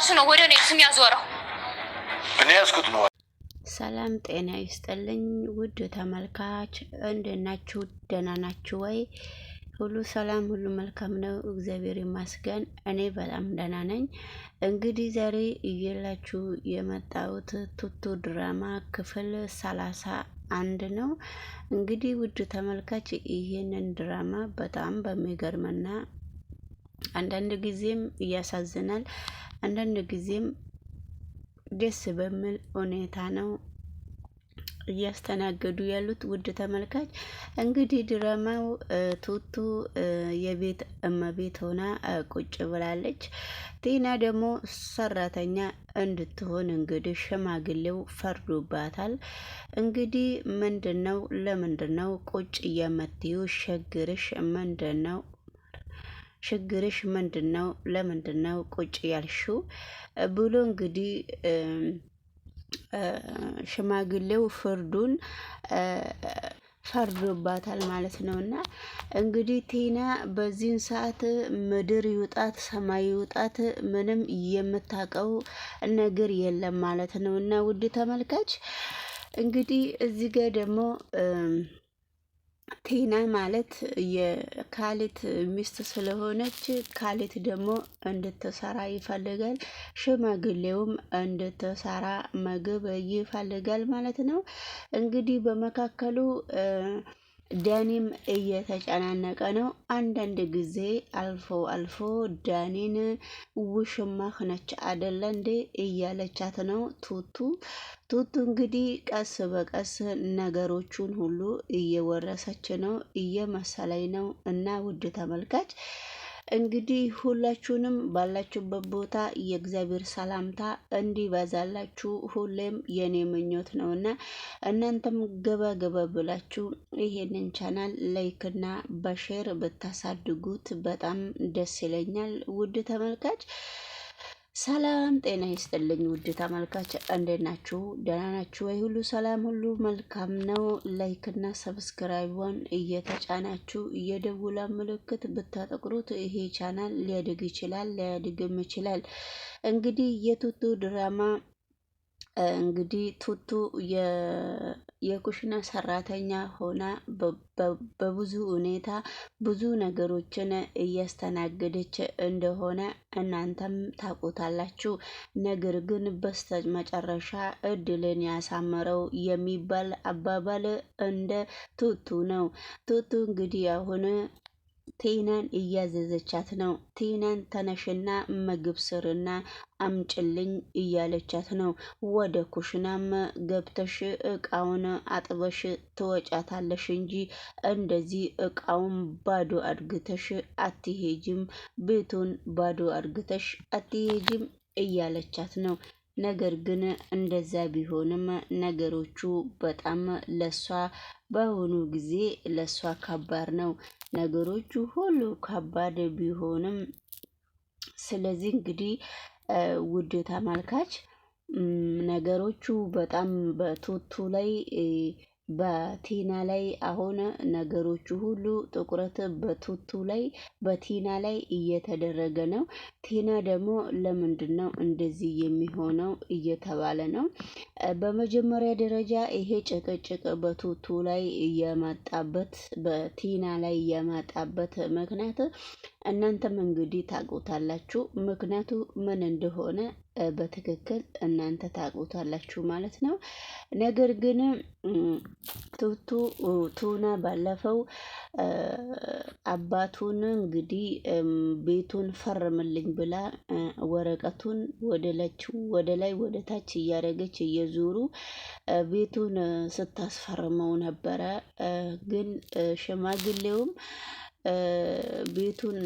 ራሱ ነው ወደ እኔ ስም ያዞረው። እኔ ያዝኩት ነው። ሰላም ጤና ይስጥልኝ ውድ ተመልካች እንደናችሁ፣ ደህና ናችሁ ወይ? ሁሉ ሰላም፣ ሁሉ መልካም ነው። እግዚአብሔር ይመስገን፣ እኔ በጣም ደህና ነኝ። እንግዲህ ዛሬ እየላችሁ የመጣሁት ቱቱ ድራማ ክፍል ሰላሳ አንድ ነው። እንግዲህ ውድ ተመልካች ይህንን ድራማ በጣም በሚገርምና አንዳንድ ጊዜም ያሳዝናል አንዳንድ ጊዜም ደስ በሚል ሁኔታ ነው እያስተናገዱ ያሉት። ውድ ተመልካች እንግዲህ ድራማው ቱቱ የቤት እመቤት ሆና ቁጭ ብላለች። ቲና ደግሞ ሰራተኛ እንድትሆን እንግዲህ ሽማግሌው ፈርዶባታል። እንግዲህ ምንድን ነው ለምንድን ነው ቁጭ የምትዩ? ሸግርሽ ምንድን ነው? ችግርሽ ምንድን ነው? ለምንድን ነው ቁጭ ያልሽው? ብሎ እንግዲህ ሽማግሌው ፍርዱን ፈርዶባታል ማለት ነው። እና እንግዲህ ቴና በዚህን ሰዓት ምድር ይውጣት ሰማይ ይውጣት ምንም የምታውቀው ነገር የለም ማለት ነው። እና ውድ ተመልካች እንግዲህ እዚህ ጋር ደግሞ ቴና ማለት የካሊት ሚስት ስለሆነች ካሊት ደግሞ እንድትሰራ ይፈልጋል። ሽማግሌውም እንድትሰራ ምግብ ይፈልጋል ማለት ነው። እንግዲህ በመካከሉ ዳኒም እየተጨናነቀ ነው። አንዳንድ ጊዜ አልፎ አልፎ ዳኒን ውሽማህ ነች አደለ እንዴ እያለቻት ነው ቱቱ። ቱቱ እንግዲህ ቀስ በቀስ ነገሮቹን ሁሉ እየወረሰች ነው እየመሰለኝ ነው። እና ውድ ተመልካች እንግዲህ ሁላችሁንም ባላችሁበት ቦታ የእግዚአብሔር ሰላምታ እንዲበዛላችሁ ሁሌም የኔ ምኞት ነው እና እናንተም ገባ ገባ ብላችሁ ይሄንን ቻናል ላይክና በሼር ብታሳድጉት በጣም ደስ ይለኛል። ውድ ተመልካች ሰላም ጤና ይስጥልኝ ውድ ተመልካች እንዴት ናችሁ? ደህና ናችሁ ወይ? ሁሉ ሰላም፣ ሁሉ መልካም ነው። ላይክና ሰብስክራይቧን እየተጫናችሁ የደውላ ምልክት ብታጠቅሩት ይሄ ቻናል ሊያድግ ይችላል፣ ሊያድግም ይችላል። እንግዲህ የቱቱ ድራማ እንግዲህ ቱቱ የኩሽና ሰራተኛ ሆና በብዙ ሁኔታ ብዙ ነገሮችን እያስተናገደች እንደሆነ እናንተም ታውቁታላችሁ። ነገር ግን በስተ መጨረሻ እድልን ያሳመረው የሚባል አባባል እንደ ቱቱ ነው። ቱቱ እንግዲህ አሁን ቴናን እያዘዘቻት ነው። ቴናን ተነሽና ምግብ ስርና አምጭልኝ እያለቻት ነው። ወደ ኩሽናም ገብተሽ እቃውን አጥበሽ ትወጫታለሽ እንጂ እንደዚህ እቃውን ባዶ አድግተሽ አትሄጅም፣ ቤቱን ባዶ አድግተሽ አትሄጅም እያለቻት ነው። ነገር ግን እንደዛ ቢሆንም ነገሮቹ በጣም ለሷ በአሁኑ ጊዜ ለሷ ከባድ ነው። ነገሮቹ ሁሉ ከባድ ቢሆንም ስለዚህ እንግዲህ ውድ ተመልካች ነገሮቹ በጣም በቱቱ ላይ በቲና ላይ አሁን ነገሮቹ ሁሉ ትኩረት በቱቱ ላይ በቲና ላይ እየተደረገ ነው። ቲና ደግሞ ለምንድን ነው እንደዚህ የሚሆነው እየተባለ ነው። በመጀመሪያ ደረጃ ይሄ ጭቅጭቅ በቱቱ ላይ የመጣበት በቲና ላይ የመጣበት ምክንያት እናንተም እንግዲህ ታውቁታላችሁ። ምክንያቱ ምን እንደሆነ በትክክል እናንተ ታውቁታላችሁ ማለት ነው። ነገር ግን ቱቱ ቱና ባለፈው አባቱን እንግዲህ ቤቱን ፈርምልኝ ብላ ወረቀቱን ወደላችሁ ወደ ላይ ወደ ታች እያደረገች እየዞሩ ቤቱን ስታስፈርመው ነበረ። ግን ሽማግሌውም ቤቱን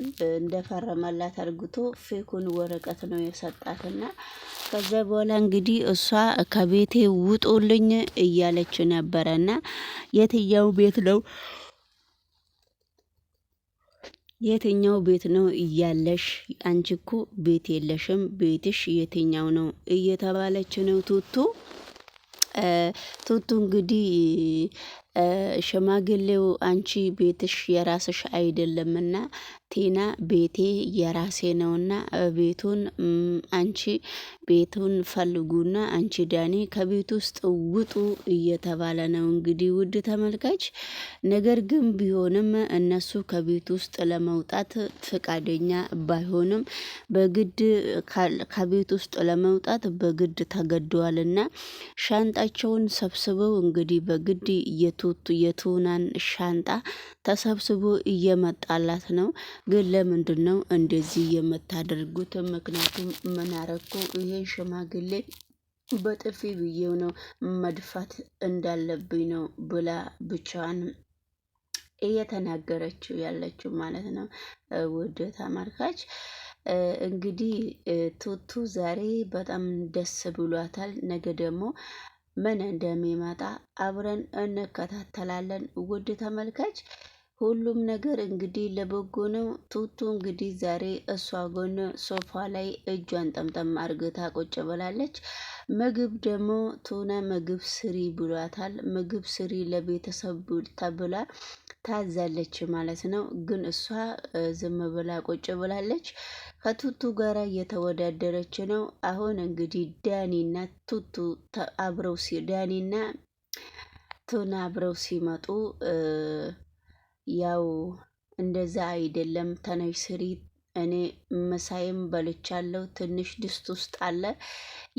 እንደፈረመላት አድርግቶ ፌኩን ወረቀት ነው የሰጣት እና ከዛ በኋላ እንግዲህ እሷ ከቤቴ ውጡልኝ እያለች ነበረና የትኛው ቤት ነው የትኛው ቤት ነው እያለሽ አንቺ እኮ ቤት የለሽም፣ ቤትሽ የትኛው ነው እየተባለች ነው ቱቱ ቱቱ እንግዲህ ሽማግሌው አንቺ ቤትሽ የራስሽ አይደለምና ቴና ቤቴ የራሴ ነውና ቤቱን አንቺ ቤቱን ፈልጉና አንቺ ዳኒ ከቤት ውስጥ ውጡ እየተባለ ነው እንግዲህ ውድ ተመልካች። ነገር ግን ቢሆንም እነሱ ከቤት ውስጥ ለመውጣት ፍቃደኛ ባይሆንም በግድ ከቤት ውስጥ ለመውጣት በግድ ተገደዋልና ሻንጣቸውን ሰብስበው እንግዲህ በግድ እየቱ የቱናን ሻንጣ ተሰብስቦ እየመጣላት ነው። ግን ለምንድን ነው እንደዚህ የምታደርጉት? ምክንያቱም ምናረኩ ይሄን ሽማግሌ በጥፊ ብዬው ነው መድፋት እንዳለብኝ ነው ብላ ብቻዋን እየተናገረችው ያለችው ማለት ነው። ውድ ተመልካች እንግዲህ ቱቱ ዛሬ በጣም ደስ ብሏታል። ነገ ደግሞ ምን እንደሚመጣ አብረን እንከታተላለን። ውድ ተመልካች ሁሉም ነገር እንግዲህ ለበጎ ነው። ቱቱ እንግዲህ ዛሬ እሷ ጎን ሶፋ ላይ እጇን ጠምጠም አርግታ ቁጭ ብላለች። ምግብ ደግሞ ቱነ ምግብ ስሪ ብሏታል። ምግብ ስሪ ለቤተሰብ ተብላ ታዛለች ማለት ነው። ግን እሷ ዝም ብላ ቁጭ ብላለች። ከቱቱ ጋር እየተወዳደረች ነው። አሁን እንግዲህ ዳኒና ቱቱ አብረው ዳኒና ቱና አብረው ሲመጡ ያው እንደዛ አይደለም ተነሽ ስሪ እኔ ምሳዬም በልቻለሁ። ትንሽ ድስት ውስጥ አለ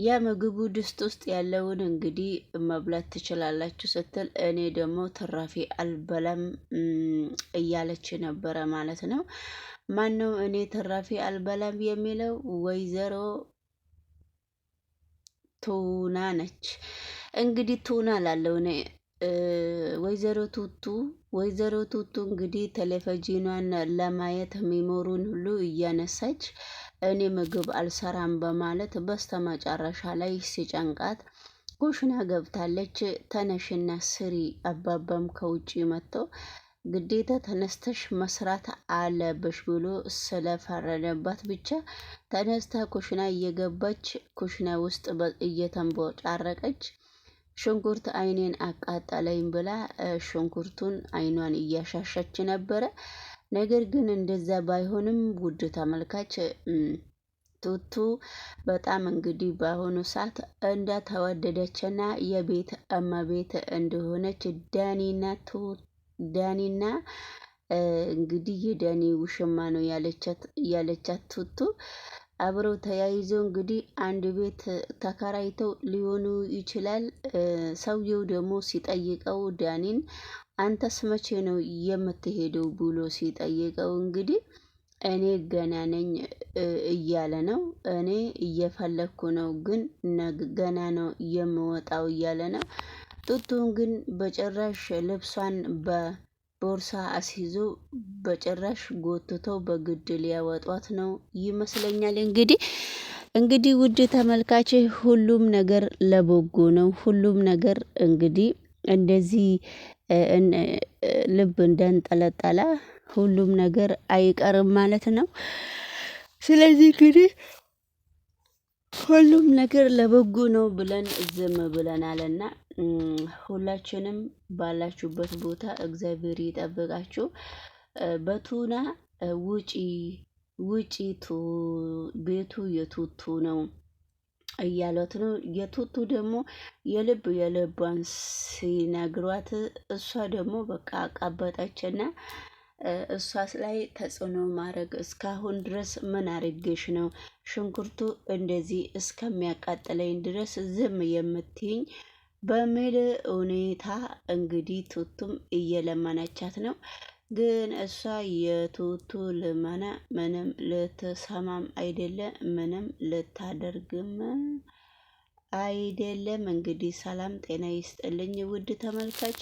የምግቡ ድስት ውስጥ ያለውን እንግዲህ መብላት ትችላላችሁ ስትል እኔ ደግሞ ትራፊ አልበላም እያለች ነበረ ማለት ነው። ነው እኔ ትራፊ አልበላም የሚለው? ወይዘሮ ቱና ነች። እንግዲህ ቱና ላለው እኔ ወይዘሮ ቱቱ ወይዘሮ ቱቱ እንግዲህ ቴሌቪዥኗን ለማየት ሚሞሩን ሁሉ እያነሳች እኔ ምግብ አልሰራም በማለት በስተመጨረሻ ላይ ሲጨንቃት ኩሽና ገብታለች። ተነሽና ስሪ አባባም ከውጭ መጥቶ ግዴታ ተነስተሽ መስራት አለብሽ ብሎ ስለፈረደባት ብቻ ተነስታ ኩሽና እየገባች ኩሽና ውስጥ እየተንቦጫረቀች ሽንኩርት አይኔን አቃጠለኝ ብላ ሽንኩርቱን አይኗን እያሻሸች ነበረ። ነገር ግን እንደዛ ባይሆንም ውድ ተመልካች ቱቱ በጣም እንግዲህ በአሁኑ ሰዓት እንደተወደደችና የቤት እመቤት እንደሆነች ዳኒና ዳኒና እንግዲህ የዳኒ ውሽማ ነው ያለቻት ቱቱ አብረው ተያይዘው እንግዲህ አንድ ቤት ተከራይተው ሊሆኑ ይችላል። ሰውየው ደግሞ ሲጠይቀው ዳኒን አንተስ መቼ ነው የምትሄደው ብሎ ሲጠይቀው እንግዲህ እኔ ገና ነኝ እያለ ነው። እኔ እየፈለግኩ ነው ግን ገና ነው የምወጣው እያለ ነው። ጡቱን ግን በጭራሽ ልብሷን በ ቦርሳ አስይዞ በጭራሽ ጎትተው በግድ ሊያወጧት ነው ይመስለኛል። እንግዲህ እንግዲህ ውድ ተመልካች ሁሉም ነገር ለበጎ ነው። ሁሉም ነገር እንግዲህ እንደዚህ ልብ እንደንጠለጠለ ሁሉም ነገር አይቀርም ማለት ነው። ስለዚህ እንግዲህ ሁሉም ነገር ለበጎ ነው ብለን ዝም ብለናልና ሁላችንም ባላችሁበት ቦታ እግዚአብሔር ይጠብቃችሁ። በቱና ውጪ ውጪ ቤቱ የቱቱ ነው እያሏት ነው። የቱቱ ደግሞ የልብ የልቧን ሲነግሯት እሷ ደግሞ በቃ አቃበጠችና እሷስ ላይ ተጽዕኖ ማድረግ እስካሁን ድረስ ምን አርጌሽ ነው ሽንኩርቱ እንደዚህ እስከሚያቃጥለኝ ድረስ ዝም የምትይኝ? በሚል ሁኔታ እንግዲህ ቱቱም እየለመነቻት ነው። ግን እሷ የቱቱ ልመና ምንም ልትሰማም አይደለም፣ ምንም ልታደርግም አይደለም። እንግዲህ ሰላም ጤና ይስጥልኝ ውድ ተመልካች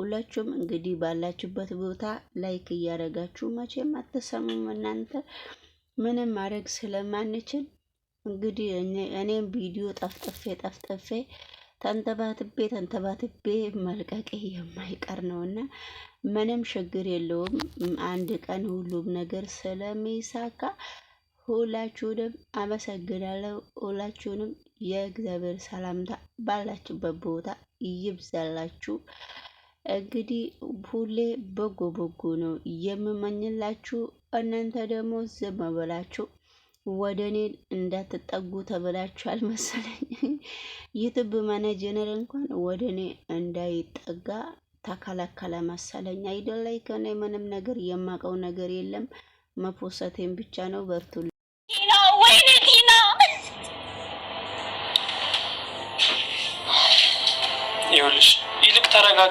ሁላችሁም እንግዲህ ባላችሁበት ቦታ ላይክ እያደረጋችሁ መቼም አትሰሙም እናንተ ምንም ማድረግ ስለማንችል እንግዲህ እኔም ቪዲዮ ጠፍጥፌ ጠፍጥፌ ተንተባትቤ ተንተባትቤ መልቀቄ የማይቀር ነውና ምንም ችግር የለውም። አንድ ቀን ሁሉም ነገር ስለሚሳካ ሁላችሁንም አመሰግናለሁ። ሁላችሁንም የእግዚአብሔር ሰላምታ ባላችሁበት ቦታ ይብዛላችሁ። እንግዲህ ሁሌ በጎ በጎ ነው የምመኝላችሁ። እናንተ ደግሞ ዝም ብላችሁ። ወደ እኔ እንዳትጠጉ ተብላችኋል መሰለኝ። ዩቱብ ማናጀነር እንኳን ወደ እኔ እንዳይጠጋ ተከለከለ መሰለኝ አይደል? ላይ ከእኔ ምንም ነገር የማውቀው ነገር የለም መፖሰቴን ብቻ ነው። በርቱ። ይኸውልሽ ይልቅ ተረጋጋ።